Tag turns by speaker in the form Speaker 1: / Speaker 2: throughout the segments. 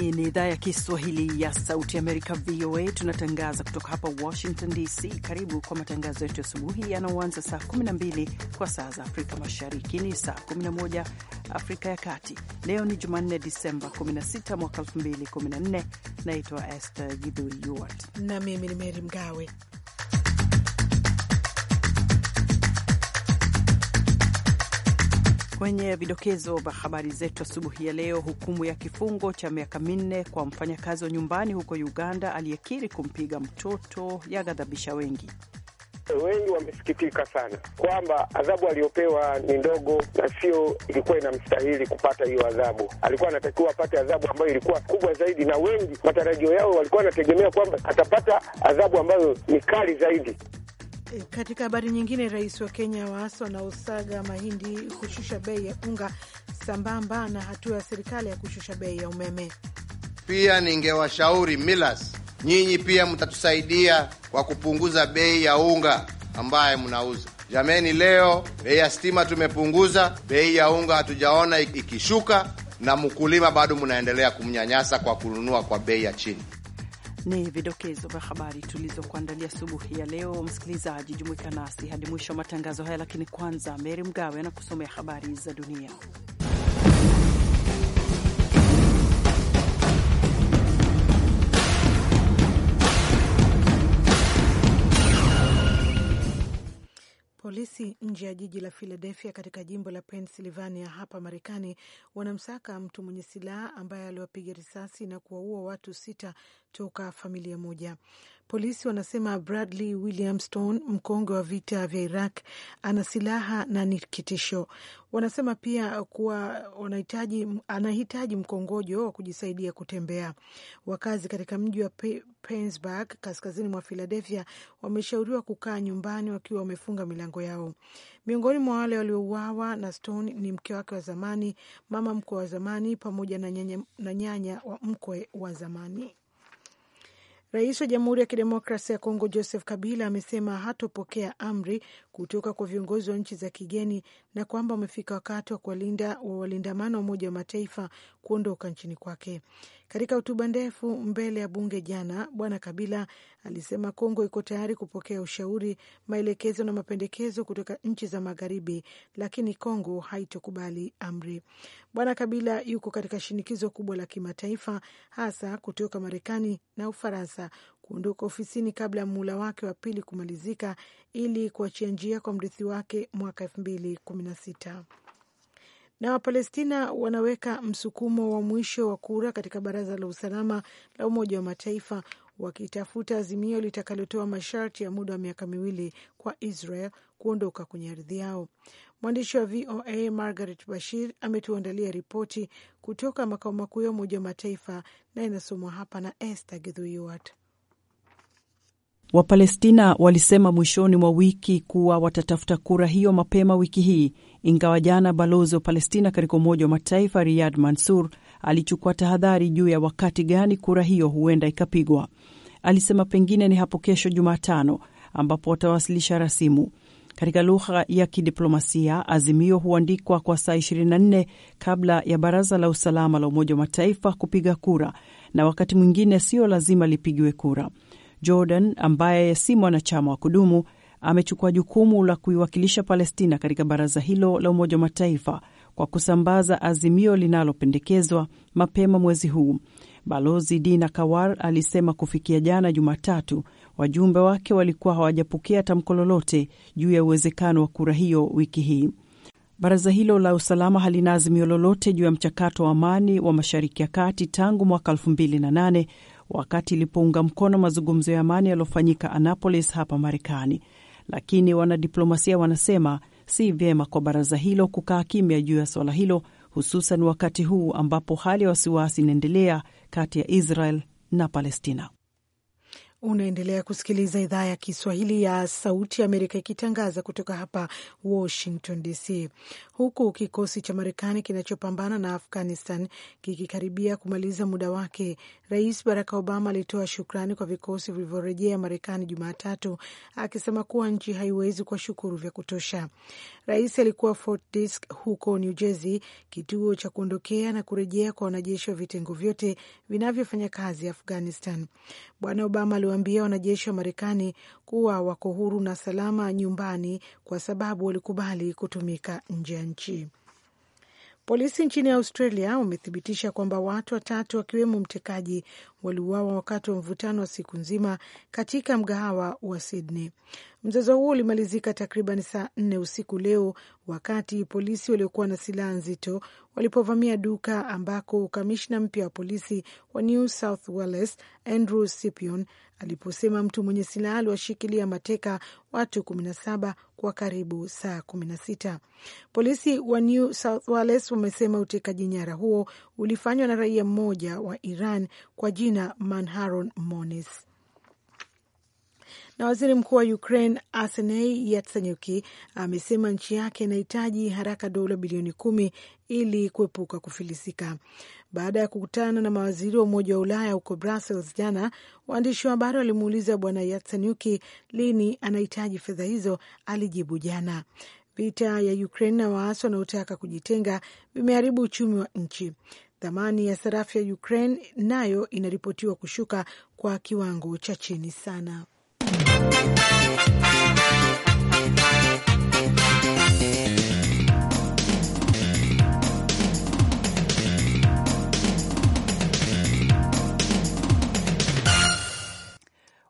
Speaker 1: Hii ni idhaa ya Kiswahili ya Sauti Amerika, VOA. Tunatangaza kutoka hapa Washington DC. Karibu kwa matangazo yetu ya asubuhi yanaoanza saa 12 kwa saa za Afrika Mashariki, ni saa 11 Afrika ya Kati. Leo ni Jumanne, Disemba 16 mwaka 2014. Naitwa Esther Gidhui
Speaker 2: na mimi ni Meri Mgawe
Speaker 1: Kwenye vidokezo vya habari zetu asubuhi ya leo, hukumu ya kifungo cha miaka minne kwa mfanyakazi wa nyumbani huko Uganda aliyekiri kumpiga mtoto yaghadhabisha wengi.
Speaker 3: Wengi
Speaker 4: wamesikitika sana kwamba adhabu aliyopewa ni ndogo na sio ilikuwa inamstahili kupata hiyo adhabu. Alikuwa anatakiwa apate adhabu ambayo ilikuwa kubwa zaidi, na wengi matarajio yao walikuwa wanategemea kwamba atapata adhabu ambayo ni kali zaidi.
Speaker 3: Katika
Speaker 2: habari nyingine, rais wa Kenya waasi wanaosaga mahindi kushusha bei ya unga sambamba na hatua ya serikali ya kushusha bei ya umeme.
Speaker 5: Pia ningewashauri Milas, nyinyi pia mtatusaidia kwa kupunguza bei ya unga ambaye mnauza. Jameni, leo bei ya stima tumepunguza, bei ya unga hatujaona ikishuka, na mkulima bado mnaendelea kumnyanyasa kwa kununua kwa bei ya chini.
Speaker 1: Ni vidokezo vya habari tulizokuandalia asubuhi ya leo. Msikilizaji, jumuika nasi hadi mwisho wa matangazo haya, lakini kwanza, Meri Mgawe anakusomea habari za dunia.
Speaker 2: Polisi nje ya jiji la Philadelphia katika jimbo la Pennsylvania hapa Marekani wanamsaka mtu mwenye silaha ambaye aliwapiga risasi na kuwaua watu sita toka familia moja. Polisi wanasema Bradley William Stone, mkongwe wa vita vya Iraq, ana silaha na ni kitisho. Wanasema pia kuwa anahitaji mkongojo wa kujisaidia kutembea. Wakazi katika mji wa Pittsburgh kaskazini mwa Philadelphia wameshauriwa kukaa nyumbani wakiwa wamefunga milango yao. Miongoni mwa wale waliouawa na Stone ni mke wake wa zamani, mama mkwe wa zamani, pamoja na nyanya, na nyanya wa mkwe wa zamani. Rais wa Jamhuri ya Kidemokrasia ya Kongo Joseph Kabila amesema hatopokea amri kutoka kwa viongozi wa nchi za kigeni na kwamba umefika wakati wa kuwalinda wa walindamano wa Umoja wa Mataifa kuondoka nchini kwake. Katika hotuba ndefu mbele ya bunge jana, Bwana Kabila alisema Kongo iko tayari kupokea ushauri, maelekezo na mapendekezo kutoka nchi za Magharibi, lakini Kongo haitokubali amri. Bwana Kabila yuko katika shinikizo kubwa la kimataifa, hasa kutoka Marekani na Ufaransa kuondoka ofisini kabla ya muhula wake wa pili kumalizika ili kuachia njia kwa mrithi wake mwaka elfu mbili kumi na sita. Na Wapalestina wanaweka msukumo wa mwisho wa kura katika Baraza la Usalama la Umoja wa Mataifa wakitafuta azimio litakalotoa masharti ya muda wa miaka miwili kwa Israel kuondoka kwenye ardhi yao. Mwandishi wa VOA Margaret Bashir ametuandalia ripoti kutoka makao makuu ya Umoja wa Mataifa na inasomwa hapa na Esther Githuiwat.
Speaker 1: Wapalestina walisema mwishoni mwa wiki kuwa watatafuta kura hiyo mapema wiki hii, ingawa jana balozi wa Palestina katika Umoja wa Mataifa Riyad Mansur alichukua tahadhari juu ya wakati gani kura hiyo huenda ikapigwa. Alisema pengine ni hapo kesho Jumatano ambapo watawasilisha rasimu. Katika lugha ya kidiplomasia, azimio huandikwa kwa saa 24 kabla ya Baraza la Usalama la Umoja wa Mataifa kupiga kura, na wakati mwingine sio lazima lipigiwe kura. Jordan ambaye si mwanachama wa kudumu amechukua jukumu la kuiwakilisha Palestina katika baraza hilo la Umoja wa Mataifa kwa kusambaza azimio linalopendekezwa mapema mwezi huu. Balozi Dina Kawar alisema kufikia jana Jumatatu, wajumbe wake walikuwa hawajapokea tamko lolote juu ya uwezekano wa kura hiyo wiki hii. Baraza hilo la usalama halina azimio lolote juu ya mchakato wa amani wa Mashariki ya Kati tangu mwaka 2008 wakati ilipounga mkono mazungumzo ya amani yaliyofanyika Annapolis hapa Marekani, lakini wanadiplomasia wanasema si vyema kwa baraza hilo kukaa kimya juu ya suala hilo, hususan wakati huu ambapo hali ya wasiwasi inaendelea kati ya Israel na
Speaker 2: Palestina. Unaendelea kusikiliza idhaa ya Kiswahili ya Sauti ya Amerika ikitangaza kutoka hapa Washington DC, huku kikosi cha Marekani kinachopambana na Afghanistan kikikaribia kumaliza muda wake. Rais Barack Obama alitoa shukrani kwa vikosi vilivyorejea Marekani Jumatatu, akisema kuwa nchi haiwezi kwa shukuru vya kutosha. Rais alikuwa Fort Dix huko New Jersey, kituo cha kuondokea na kurejea kwa wanajeshi wa vitengo vyote vinavyofanya kazi Afghanistan. Bwana Obama amewaambia wanajeshi wa Marekani kuwa wako huru na salama nyumbani kwa sababu walikubali kutumika nje ya nchi. Polisi nchini Australia wamethibitisha kwamba watu watatu wakiwemo mtekaji waliuawa wakati wa mvutano wa siku nzima katika mgahawa wa Sydney. Mzozo huo ulimalizika takriban saa nne usiku leo wakati polisi waliokuwa na silaha nzito walipovamia duka ambako kamishna mpya wa polisi wa New South Wales Andrew Sipion aliposema mtu mwenye silaha aliwashikilia mateka watu 17 kwa karibu saa 16. Polisi wa New South Wales wamesema utekaji nyara huo ulifanywa na raia mmoja wa Iran kwa jina jina Manharon Monis. Na waziri mkuu wa Ukraine Arsenei Yatsenyuki amesema nchi yake inahitaji haraka dola bilioni kumi ili kuepuka kufilisika. Baada ya kukutana na mawaziri wa Umoja wa Ulaya huko Brussels jana, waandishi wa habari walimuuliza Bwana Yatsenyuki lini anahitaji fedha hizo. Alijibu jana, vita ya Ukraine na waasi wanaotaka kujitenga vimeharibu uchumi wa nchi. Thamani ya sarafu ya Ukraine nayo inaripotiwa kushuka kwa kiwango cha chini sana.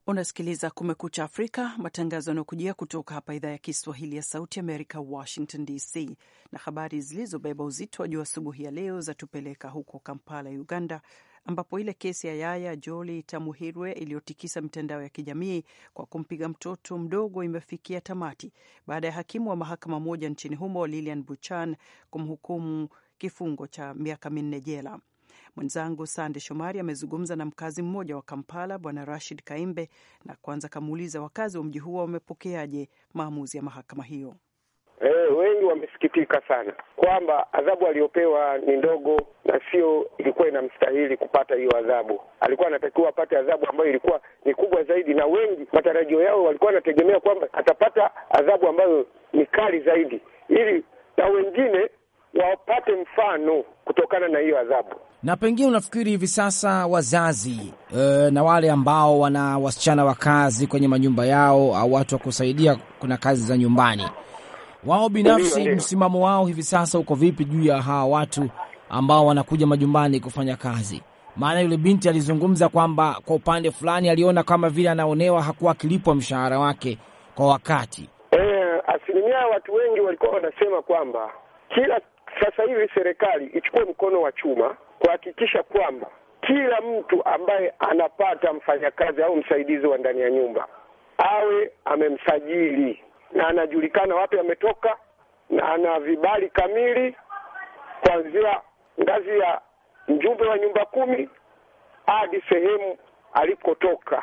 Speaker 1: Unasikiliza Kumekucha Afrika, matangazo yanayokujia kutoka hapa idhaa ya Kiswahili ya Sauti Amerika, Washington DC. Na habari zilizobeba uzito wa juu asubuhi ya leo zatupeleka huko Kampala, Uganda, ambapo ile kesi ya Yaya Joli Tamuhirwe iliyotikisa mitandao ya kijamii kwa kumpiga mtoto mdogo imefikia tamati baada ya hakimu wa mahakama moja nchini humo Lilian Buchan kumhukumu kifungo cha miaka minne jela. Mwenzangu Sande Shomari amezungumza na mkazi mmoja wa Kampala, Bwana Rashid Kaimbe, na kwanza kamuuliza wakazi wa mji huo wamepokeaje maamuzi ya mahakama hiyo.
Speaker 4: E, wengi wamesikitika sana kwamba adhabu aliyopewa ni ndogo na sio ilikuwa inamstahili kupata hiyo adhabu. Alikuwa anatakiwa apate adhabu ambayo ilikuwa ni kubwa zaidi, na wengi matarajio yao walikuwa wanategemea kwamba atapata adhabu ambayo ni kali zaidi, ili na wengine wapate mfano
Speaker 6: kutokana na hiyo adhabu. Na pengine unafikiri hivi sasa wazazi e, na wale ambao wana wasichana wa kazi kwenye manyumba yao au watu wa kusaidia kuna kazi za nyumbani, wao binafsi, msimamo wao hivi sasa uko vipi juu ya hawa watu ambao wanakuja majumbani kufanya kazi? Maana yule binti alizungumza kwamba kwa upande fulani aliona kama vile anaonewa, hakuwa akilipwa mshahara wake kwa wakati. E,
Speaker 4: asilimia watu wengi walikuwa wanasema kwamba kila sasa hivi serikali ichukue mkono wa chuma kuhakikisha kwamba kila mtu ambaye anapata mfanyakazi au msaidizi wa ndani ya nyumba awe amemsajili na anajulikana wapi ametoka na ana vibali kamili kuanzia ngazi ya mjumbe wa nyumba kumi hadi sehemu alikotoka.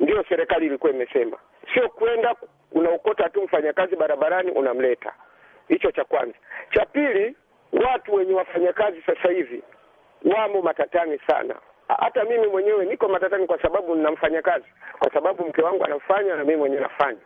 Speaker 4: Ndiyo serikali ilikuwa imesema, sio kwenda unaokota tu mfanyakazi barabarani unamleta. Hicho cha kwanza. Cha pili, watu wenye wafanyakazi sasa hivi wamo matatani sana. Hata mimi mwenyewe niko matatani kwa sababu nina mfanyakazi, kwa sababu mke wangu anafanya na mimi mwenyewe nafanya,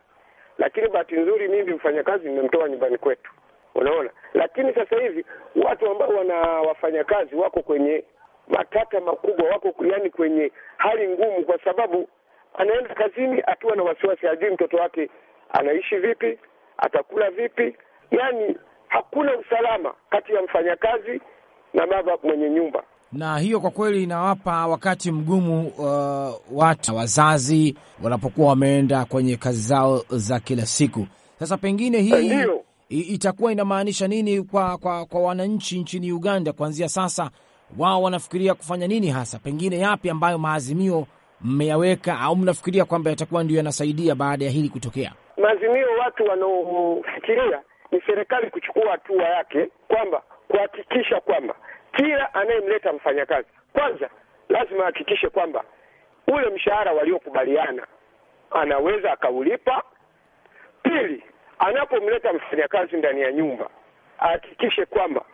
Speaker 4: lakini bahati nzuri mimi mfanyakazi nimemtoa nyumbani kwetu, unaona. Lakini sasa hivi watu ambao wana wafanyakazi wako kwenye matata makubwa, wako yani kwenye hali ngumu, kwa sababu anaenda kazini akiwa na wasiwasi, ajui mtoto wake anaishi vipi, atakula vipi, yani hakuna usalama kati ya mfanyakazi na baba mwenye nyumba,
Speaker 6: na hiyo kwa kweli inawapa wakati mgumu uh, watu wazazi wanapokuwa wameenda kwenye kazi zao za kila siku. Sasa pengine hii eh, itakuwa inamaanisha nini kwa, kwa, kwa wananchi nchini Uganda kuanzia sasa? Wao wanafikiria kufanya nini hasa? Pengine yapi ambayo maazimio mmeyaweka au mnafikiria kwamba yatakuwa ndio yanasaidia baada ya hili kutokea?
Speaker 4: Maazimio watu wanaofikiria ni serikali kuchukua hatua yake kwamba kuhakikisha kwamba kila anayemleta mfanyakazi kwanza lazima ahakikishe kwamba ule mshahara waliokubaliana anaweza akaulipa. Pili, anapomleta mfanyakazi ndani ya nyumba ahakikishe kwamba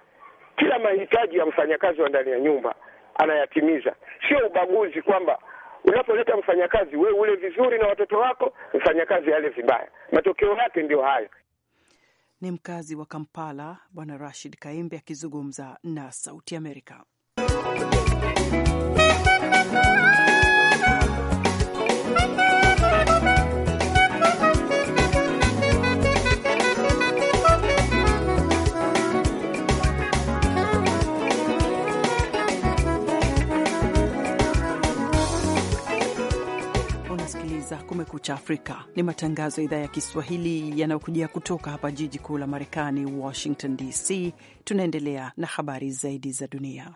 Speaker 4: kila mahitaji ya mfanyakazi wa ndani ya nyumba anayatimiza. Sio ubaguzi kwamba unapoleta mfanyakazi wewe ule vizuri na watoto wako, mfanyakazi ale vibaya. Matokeo yake ndio
Speaker 1: hayo ni mkazi wa Kampala, Bwana Rashid Kaimbe akizungumza na Sauti Amerika. Kumekucha Afrika ni matangazo ya idhaa ya Kiswahili yanayokujia kutoka hapa jiji kuu la Marekani, Washington DC. Tunaendelea na habari zaidi za dunia.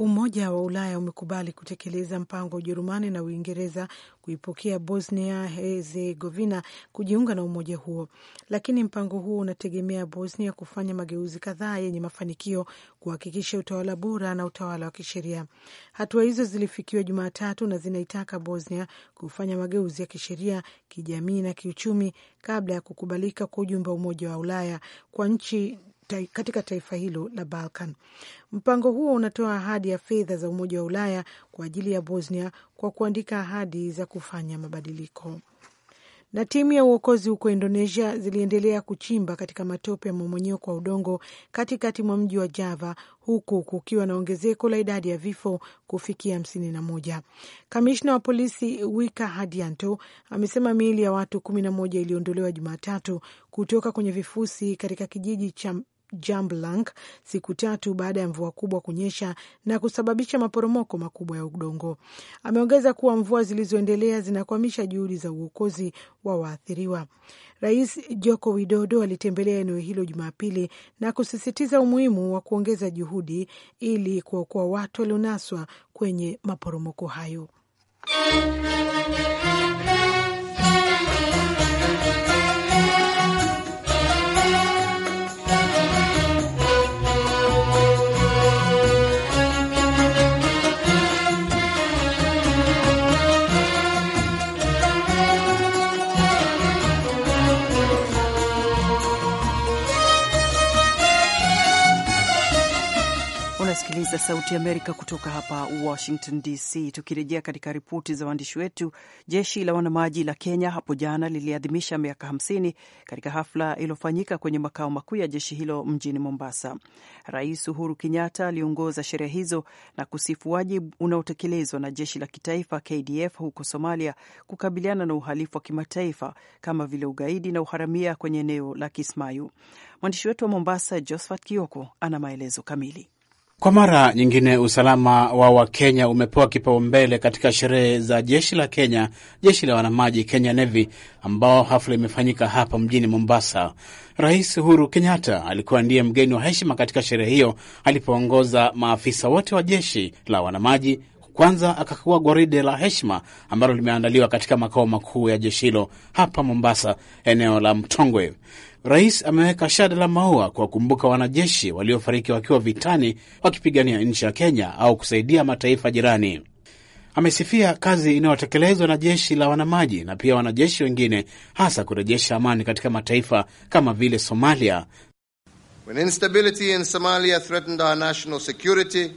Speaker 2: Umoja wa Ulaya umekubali kutekeleza mpango wa Ujerumani na Uingereza kuipokea Bosnia Herzegovina kujiunga na umoja huo, lakini mpango huo unategemea Bosnia kufanya mageuzi kadhaa yenye mafanikio kuhakikisha utawala bora na utawala wa kisheria. Hatua hizo zilifikiwa Jumatatu na zinaitaka Bosnia kufanya mageuzi ya kisheria, kijamii na kiuchumi kabla ya kukubalika kwa ujumbe wa Umoja wa Ulaya kwa nchi katika taifa hilo la Balkan. Mpango huo unatoa ahadi ya fedha za Umoja wa Ulaya kwa ajili ya Bosnia kwa kuandika ahadi za kufanya mabadiliko na timu ya uokozi huko Indonesia ziliendelea kuchimba katika matope ya mmomonyoko wa udongo katikati mwa mji wa Java, huku kukiwa na ongezeko la idadi ya vifo kufikia hamsini na moja. Kamishna wa polisi Wika Hadianto amesema miili ya watu kumi na moja iliondolewa Jumatatu kutoka kwenye vifusi katika kijiji cha Jamblank siku tatu baada ya mvua kubwa kunyesha na kusababisha maporomoko makubwa ya udongo. Ameongeza kuwa mvua zilizoendelea zinakwamisha juhudi za uokozi wa waathiriwa. Rais Joko Widodo alitembelea eneo hilo Jumapili na kusisitiza umuhimu wa kuongeza juhudi ili kuokoa watu walionaswa kwenye maporomoko hayo.
Speaker 1: Sauti Amerika kutoka hapa Washington DC. Tukirejea katika ripoti za waandishi wetu, jeshi la wanamaji la Kenya hapo jana liliadhimisha miaka 50 katika hafla iliyofanyika kwenye makao makuu ya jeshi hilo mjini Mombasa. Rais Uhuru Kenyatta aliongoza sherehe hizo na kusifu wajibu unaotekelezwa na jeshi la kitaifa KDF huko Somalia kukabiliana na uhalifu wa kimataifa kama vile ugaidi na uharamia kwenye eneo la Kismayu. Mwandishi wetu wa Mombasa, Josphat Kioko, ana maelezo kamili. Kwa
Speaker 7: mara nyingine usalama wa Wakenya umepewa kipaumbele katika sherehe za jeshi la Kenya, jeshi la wanamaji Kenya Navy, ambao hafla imefanyika hapa mjini Mombasa. Rais Uhuru Kenyatta alikuwa ndiye mgeni wa heshima katika sherehe hiyo alipoongoza maafisa wote wa jeshi la wanamaji. Kwanza akakua gwaride la heshima ambalo limeandaliwa katika makao makuu ya jeshi hilo hapa Mombasa, eneo la Mtongwe. Rais ameweka shada la maua kuwakumbuka wanajeshi waliofariki wakiwa vitani wakipigania nchi ya Kenya au kusaidia mataifa jirani. Amesifia kazi inayotekelezwa na jeshi la wanamaji na pia wanajeshi wengine, hasa kurejesha amani katika mataifa kama vile Somalia.
Speaker 5: When instability in Somalia threatened our national security,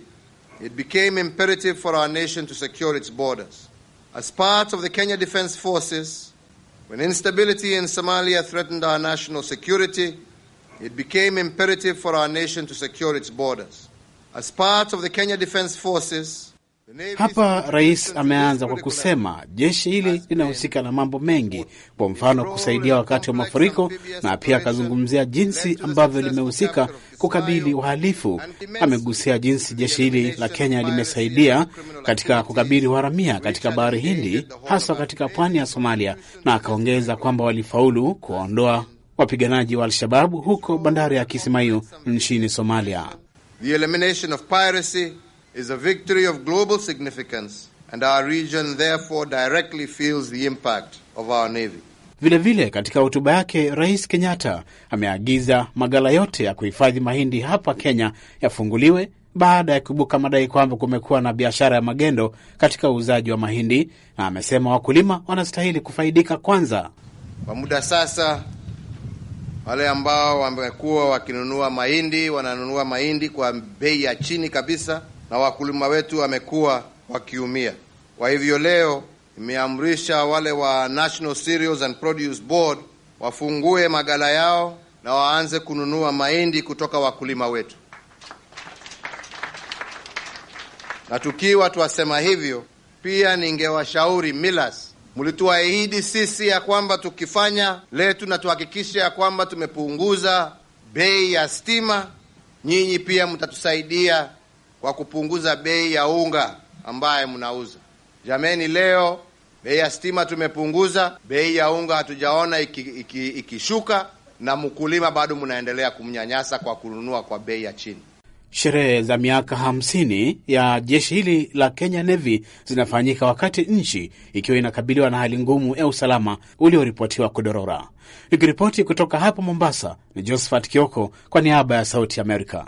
Speaker 5: it became imperative for our nation to secure its borders. As part of the Kenya Defence Forces, When instability in Somalia threatened our national security, it became imperative for our nation to secure its borders. As part of the Kenya Defense Forces,
Speaker 7: Hapa rais ameanza kwa kusema jeshi hili linahusika na mambo mengi, kwa mfano kusaidia wakati wa mafuriko, na pia akazungumzia jinsi ambavyo limehusika kukabili uhalifu. Amegusia jinsi jeshi hili la Kenya limesaidia katika kukabili uharamia katika bahari Hindi, haswa katika pwani ya Somalia, na akaongeza kwamba walifaulu kuwaondoa wapiganaji wa Al-Shababu huko bandari ya kisimaiu nchini Somalia.
Speaker 5: The elimination of piracy is a victory of global significance and our region therefore directly feels the impact of our navy.
Speaker 7: Vilevile vile, katika hotuba yake Rais Kenyatta ameagiza magala yote ya kuhifadhi mahindi hapa Kenya yafunguliwe baada ya kuibuka madai kwamba kumekuwa na biashara ya magendo katika uuzaji wa mahindi, na amesema wakulima wanastahili kufaidika kwanza.
Speaker 5: Kwa muda sasa, wale ambao wamekuwa wakinunua mahindi wananunua mahindi kwa bei ya chini kabisa na wakulima wetu wamekuwa wakiumia. Kwa hivyo leo imeamrisha wale wa National Cereals and Produce Board wafungue magala yao na waanze kununua mahindi kutoka wakulima wetu. Na tukiwa twasema hivyo, pia ningewashauri millers, mlituahidi sisi ya kwamba tukifanya letu na tuhakikishe ya kwamba tumepunguza bei ya stima, nyinyi pia mtatusaidia kwa kupunguza bei ya unga ambaye mnauza. Jameni, leo bei ya stima tumepunguza, bei ya unga hatujaona ikishuka iki, iki na mkulima bado mnaendelea kumnyanyasa kwa kununua kwa bei ya chini.
Speaker 7: Sherehe za miaka 50 ya jeshi hili la Kenya Navy zinafanyika wakati nchi ikiwa inakabiliwa na hali ngumu ya usalama ulioripotiwa kudorora. Nikiripoti kutoka hapa Mombasa ni Josephat Kioko kwa niaba ya Sauti Amerika.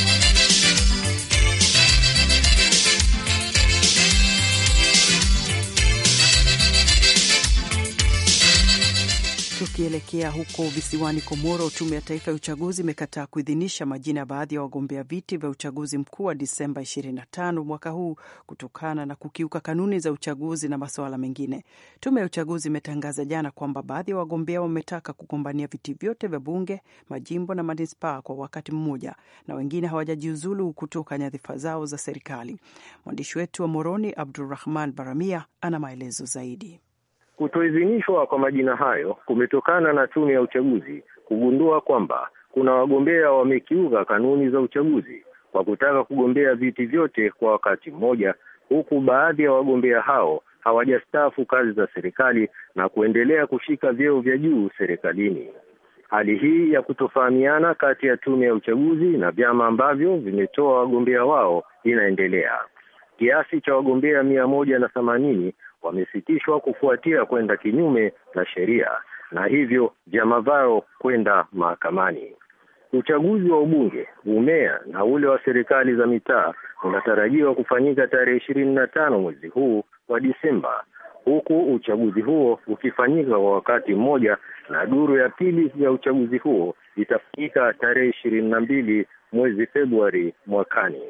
Speaker 1: Tukielekea huko visiwani Komoro, tume ya taifa ya uchaguzi imekataa kuidhinisha majina ya baadhi ya wagombea viti vya uchaguzi mkuu wa Disemba 25 mwaka huu kutokana na kukiuka kanuni za uchaguzi na masuala mengine. Tume ya uchaguzi imetangaza jana kwamba baadhi ya wagombea wametaka kugombania viti vyote vya bunge, majimbo na manispaa kwa wakati mmoja, na wengine hawajajiuzulu kutoka nyadhifa zao za serikali. Mwandishi wetu wa Moroni, Abdurahman Baramia, ana maelezo zaidi.
Speaker 8: Kutoidhinishwa kwa majina hayo kumetokana na tume ya uchaguzi kugundua kwamba kuna wagombea wamekiuka kanuni za uchaguzi kwa kutaka kugombea viti vyote kwa wakati mmoja, huku baadhi ya wagombea hao hawajastaafu kazi za serikali na kuendelea kushika vyeo vya juu serikalini. Hali hii ya kutofahamiana kati ya tume ya uchaguzi na vyama ambavyo vimetoa wagombea wao inaendelea. Kiasi cha wagombea mia moja na themanini wamesitishwa kufuatia kwenda kinyume na sheria na hivyo vyama vyao kwenda mahakamani. Uchaguzi wa ubunge, umea na ule wa serikali za mitaa unatarajiwa kufanyika tarehe ishirini na tano mwezi huu wa Disemba, huku uchaguzi huo ukifanyika kwa wakati mmoja na duru ya pili ya uchaguzi huo itafanyika tarehe ishirini na mbili mwezi Februari mwakani.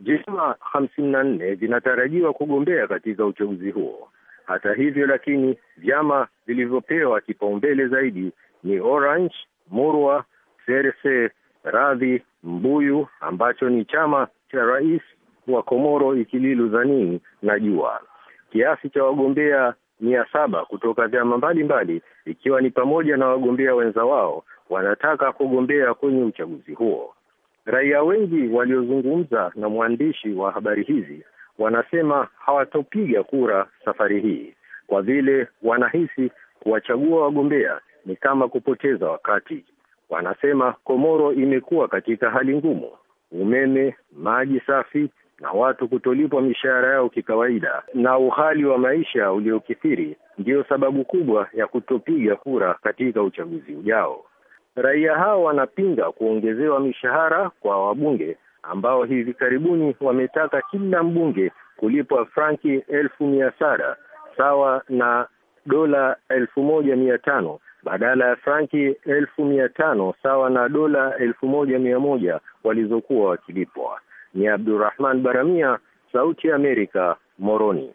Speaker 8: Jina hamsini na nne vinatarajiwa kugombea katika uchaguzi huo. Hata hivyo lakini, vyama vilivyopewa kipaumbele zaidi ni Orange, Murwa, Serse, Radhi, Mbuyu ambacho ni chama cha rais wa Komoro Ikililu Zanini na Jua. Kiasi cha wagombea mia saba kutoka vyama mbalimbali, ikiwa ni pamoja na wagombea wenza wao, wanataka kugombea kwenye uchaguzi huo. Raia wengi waliozungumza na mwandishi wa habari hizi wanasema hawatopiga kura safari hii kwa vile wanahisi kuwachagua wagombea ni kama kupoteza wakati. Wanasema Komoro imekuwa katika hali ngumu, umeme, maji safi na watu kutolipwa mishahara yao kikawaida, na uhali wa maisha uliokithiri ndiyo sababu kubwa ya kutopiga kura katika uchaguzi ujao. Raia hao wanapinga kuongezewa mishahara kwa wabunge ambao hivi karibuni wametaka kila mbunge kulipwa franki elfu mia saba sawa na dola elfu moja mia tano badala ya franki elfu mia tano sawa na dola elfu moja mia moja walizokuwa wakilipwa. Ni Abdurrahman Baramia, Sauti ya Amerika, Moroni.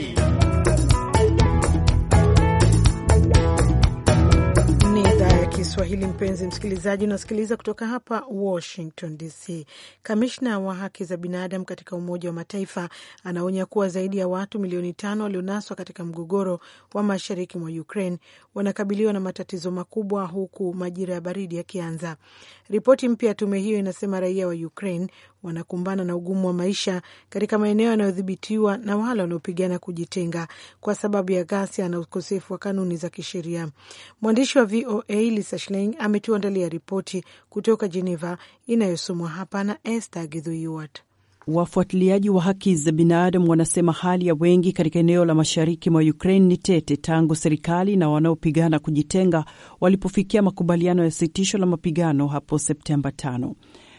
Speaker 2: Kiswahili. Mpenzi msikilizaji, unasikiliza kutoka hapa Washington DC. Kamishna wa haki za binadamu katika Umoja wa Mataifa anaonya kuwa zaidi ya watu milioni tano walionaswa katika mgogoro wa mashariki mwa Ukraine wanakabiliwa na matatizo makubwa huku majira ya baridi yakianza. Ripoti mpya ya tume hiyo inasema raia wa Ukraine wanakumbana na ugumu wa maisha katika maeneo yanayodhibitiwa na wale wanaopigana kujitenga kwa sababu ya ghasia na ukosefu wa kanuni za kisheria. Mwandishi wa VOA Lisa Schlein ametuandalia ripoti kutoka Geneva inayosomwa hapa na Esther Githuiwat.
Speaker 1: Wafuatiliaji wa haki za binadamu wanasema hali ya wengi katika eneo la mashariki mwa Ukraine ni tete tangu serikali na wanaopigana kujitenga walipofikia makubaliano ya sitisho la mapigano hapo Septemba 5.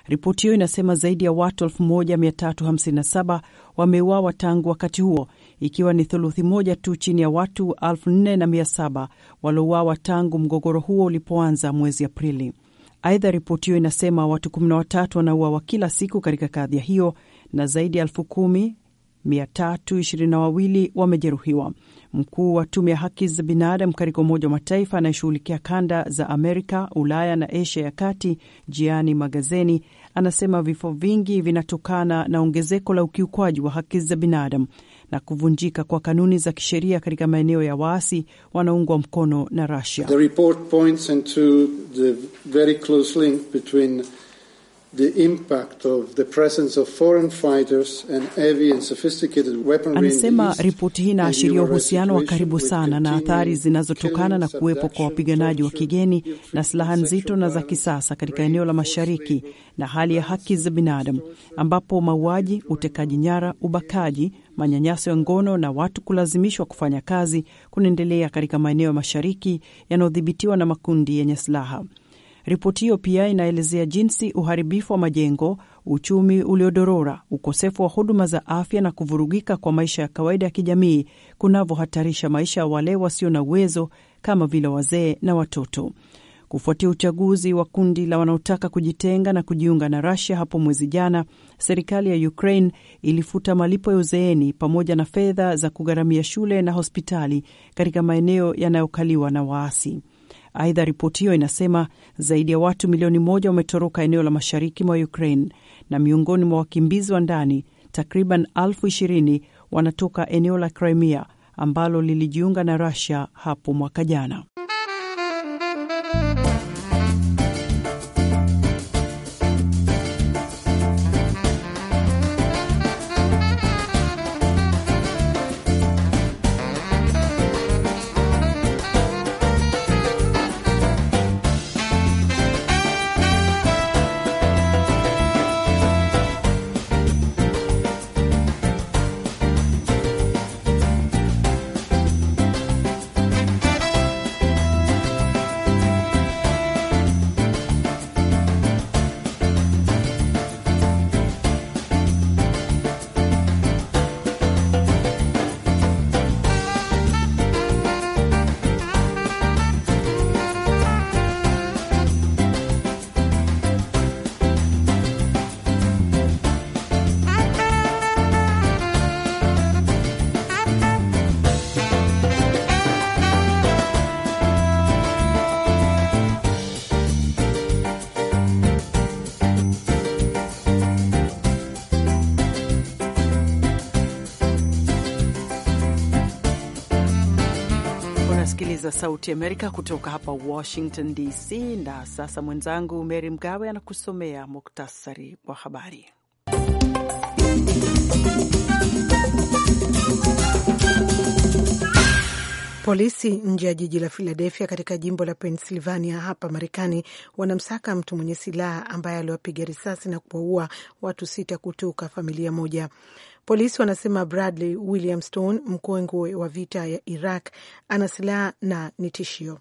Speaker 1: Ripoti hiyo inasema zaidi ya watu 1357 wameuawa tangu wakati huo, ikiwa ni thuluthi moja tu chini ya watu 4700 waliouawa tangu mgogoro huo ulipoanza mwezi Aprili. Aidha, ripoti hiyo inasema watu 13 wanauawa kila siku katika kadhia hiyo na zaidi ya elfu kumi wawili wamejeruhiwa. Mkuu wa tume ya haki za binadamu katika Umoja wa Mataifa anayeshughulikia kanda za Amerika, Ulaya na Asia ya kati, Jiani Magazeni, anasema vifo vingi vinatokana na ongezeko la ukiukwaji wa haki za binadamu na kuvunjika kwa kanuni za kisheria katika maeneo ya waasi wanaungwa mkono na rusia The
Speaker 5: report points into the very close link between the impact of the presence of foreign fighters and heavy and sophisticated weaponry. Anasema
Speaker 1: ripoti hii inaashiria uhusiano wa karibu sana na athari zinazotokana na kuwepo kwa wapiganaji wa kigeni na silaha nzito na za kisasa katika eneo la Mashariki na hali ya haki za binadamu ambapo mauaji, utekaji nyara, ubakaji, manyanyaso ya ngono na watu kulazimishwa kufanya kazi kunaendelea katika maeneo ya Mashariki yanayodhibitiwa na makundi yenye silaha. Ripoti hiyo pia inaelezea jinsi uharibifu wa majengo, uchumi uliodorora, ukosefu wa huduma za afya na kuvurugika kwa maisha ya kawaida ya kijamii kunavyohatarisha maisha ya wale wasio na uwezo kama vile wazee na watoto. Kufuatia uchaguzi wa kundi la wanaotaka kujitenga na kujiunga na rasia hapo mwezi jana, serikali ya Ukraine ilifuta malipo ya uzeeni pamoja na fedha za kugharamia shule na hospitali katika maeneo yanayokaliwa na waasi. Aidha, ripoti hiyo inasema zaidi ya watu milioni moja wametoroka eneo la mashariki mwa Ukraine na miongoni mwa wakimbizi wa ndani takriban elfu ishirini wanatoka eneo la Crimea ambalo lilijiunga na rusia hapo mwaka jana. Sauti Amerika kutoka hapa Washington DC. Na sasa mwenzangu Mary Mgawe anakusomea muktasari wa habari.
Speaker 2: Polisi nje ya jiji la Philadelphia katika jimbo la Pennsylvania hapa Marekani wanamsaka mtu mwenye silaha ambaye aliwapiga risasi na kuwaua watu sita kutoka familia moja. Polisi wanasema Bradley William Stone, mkongwe wa vita ya Iraq, ana silaha na ni tishio.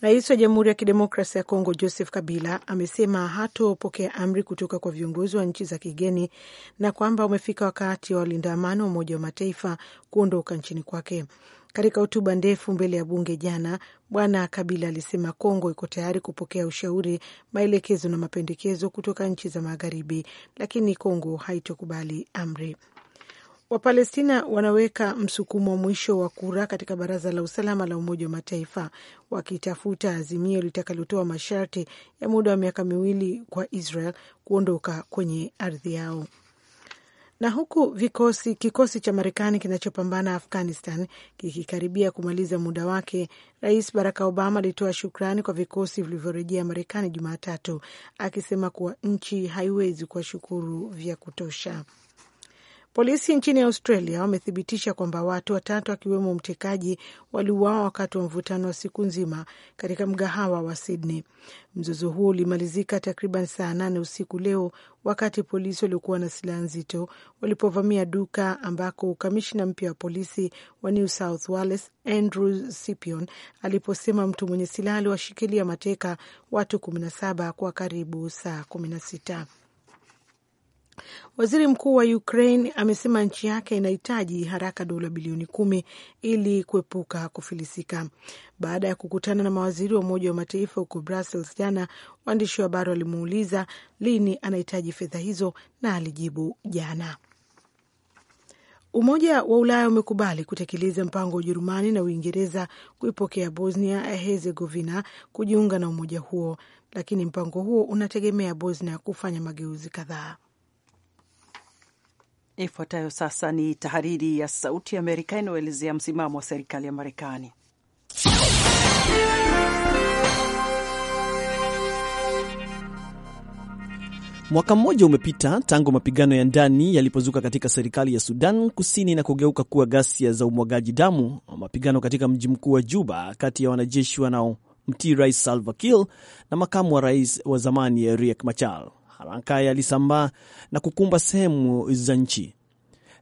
Speaker 2: Rais wa Jamhuri ya Kidemokrasia ya Kongo Joseph Kabila amesema hatopokea amri kutoka kwa viongozi wa nchi za kigeni na kwamba umefika wakati wa walinda amani wa Umoja wa Mataifa kuondoka nchini kwake. Katika hotuba ndefu mbele ya bunge jana, Bwana Kabila alisema Kongo iko tayari kupokea ushauri, maelekezo na mapendekezo kutoka nchi za Magharibi, lakini Kongo haitokubali amri. Wapalestina wanaweka msukumo wa mwisho wa kura katika Baraza la Usalama la Umoja wa Mataifa wakitafuta azimio litakalotoa masharti ya muda wa miaka miwili kwa Israel kuondoka kwenye ardhi yao. Na huku vikosi kikosi cha Marekani kinachopambana Afghanistan kikikaribia kumaliza muda wake, Rais Barack Obama alitoa shukrani kwa vikosi vilivyorejea Marekani Jumatatu, akisema kuwa nchi haiwezi kuwashukuru vya kutosha. Polisi nchini Australia wamethibitisha kwamba watu watatu akiwemo mtekaji waliuawa wakati wa mvutano wa siku nzima katika mgahawa wa Sydney. Mzozo huo ulimalizika takriban saa nane usiku leo wakati polisi waliokuwa na silaha nzito walipovamia duka ambako kamishina mpya wa polisi wa New South Wales Andrew Sipion aliposema mtu mwenye silaha aliwashikilia mateka watu 17 kwa karibu saa 16. Waziri mkuu wa Ukraine amesema nchi yake inahitaji haraka dola bilioni kumi ili kuepuka kufilisika. Baada ya kukutana na mawaziri wa Umoja wa Mataifa huko Brussels jana, waandishi wa habari walimuuliza lini anahitaji fedha hizo na alijibu jana. Umoja wa Ulaya umekubali kutekeleza mpango wa Ujerumani na Uingereza kuipokea Bosnia Herzegovina kujiunga na umoja huo, lakini mpango huo unategemea Bosnia kufanya mageuzi kadhaa.
Speaker 1: Ifuatayo sasa ni tahariri ya Sauti ya Amerika inayoelezea msimamo wa serikali ya Marekani.
Speaker 9: Mwaka mmoja umepita tangu mapigano ya ndani yalipozuka katika serikali ya Sudan Kusini na kugeuka kuwa ghasia za umwagaji damu, mapigano katika mji mkuu wa Juba kati ya wanajeshi wanaomtii Rais Salva Kiir na makamu wa rais wa zamani Riek Machar haraka yalisambaa na kukumba sehemu za nchi.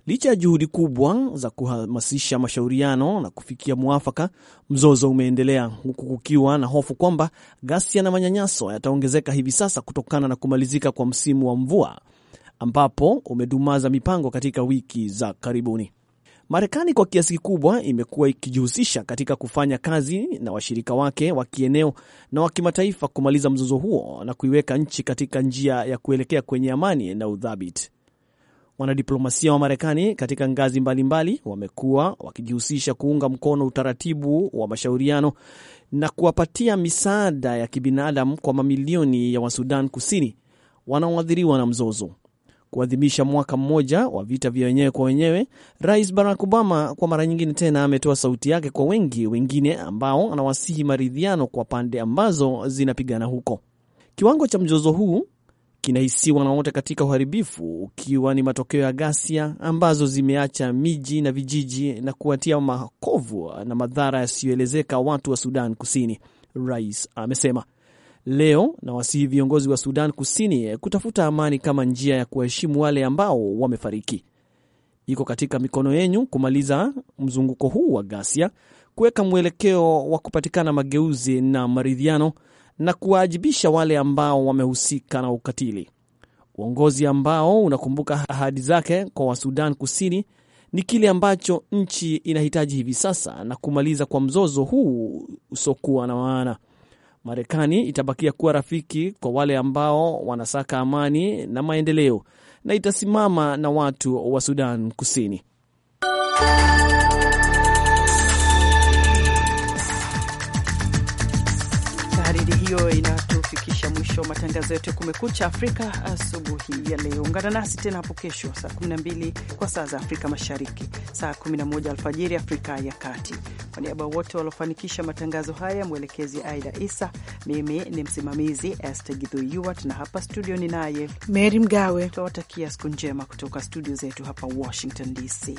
Speaker 9: Licha ya juhudi kubwa za kuhamasisha mashauriano na kufikia mwafaka, mzozo umeendelea huku kukiwa na hofu kwamba ghasia na manyanyaso yataongezeka hivi sasa kutokana na kumalizika kwa msimu wa mvua ambapo umedumaza mipango katika wiki za karibuni. Marekani kwa kiasi kikubwa imekuwa ikijihusisha katika kufanya kazi na washirika wake wa kieneo na wa kimataifa kumaliza mzozo huo na kuiweka nchi katika njia ya kuelekea kwenye amani na uthabiti. Wanadiplomasia wa Marekani katika ngazi mbalimbali wamekuwa wakijihusisha kuunga mkono utaratibu wa mashauriano na kuwapatia misaada ya kibinadamu kwa mamilioni ya Wasudan Kusini wanaoathiriwa na mzozo kuadhimisha mwaka mmoja wa vita vya wenyewe kwa wenyewe, Rais Barack Obama kwa mara nyingine tena ametoa sauti yake kwa wengi wengine ambao anawasihi maridhiano kwa pande ambazo zinapigana huko. Kiwango cha mzozo huu kinahisiwa na wote katika uharibifu, ukiwa ni matokeo ya ghasia ambazo zimeacha miji na vijiji na kuwatia makovu na madhara yasiyoelezeka watu wa Sudan Kusini, rais amesema leo na wasihi viongozi wa Sudan Kusini kutafuta amani kama njia ya kuwaheshimu wale ambao wamefariki. Iko katika mikono yenyu kumaliza mzunguko huu wa ghasia, kuweka mwelekeo wa kupatikana mageuzi na maridhiano na kuwaajibisha wale ambao wamehusika na ukatili. Uongozi ambao unakumbuka ahadi zake kwa Wasudan Kusini ni kile ambacho nchi inahitaji hivi sasa na kumaliza kwa mzozo huu usiokuwa na maana. Marekani itabakia kuwa rafiki kwa wale ambao wanasaka amani na maendeleo na itasimama na watu wa Sudan Kusini.
Speaker 1: Tahariri hiyo ina tunafikisha mwisho matangazo yetu ya Kumekucha Afrika asubuhi ya leo. Ungana nasi tena hapo kesho saa 12 kwa saa za Afrika Mashariki, saa 11 alfajiri Afrika ya Kati. Kwa niaba wote waliofanikisha matangazo haya, mwelekezi Aida Isa, mimi ni msimamizi Este Gidhyuwat na hapa studio ni naye
Speaker 2: mery Mgawe.
Speaker 1: Tunawatakia siku njema kutoka studio zetu hapa Washington DC.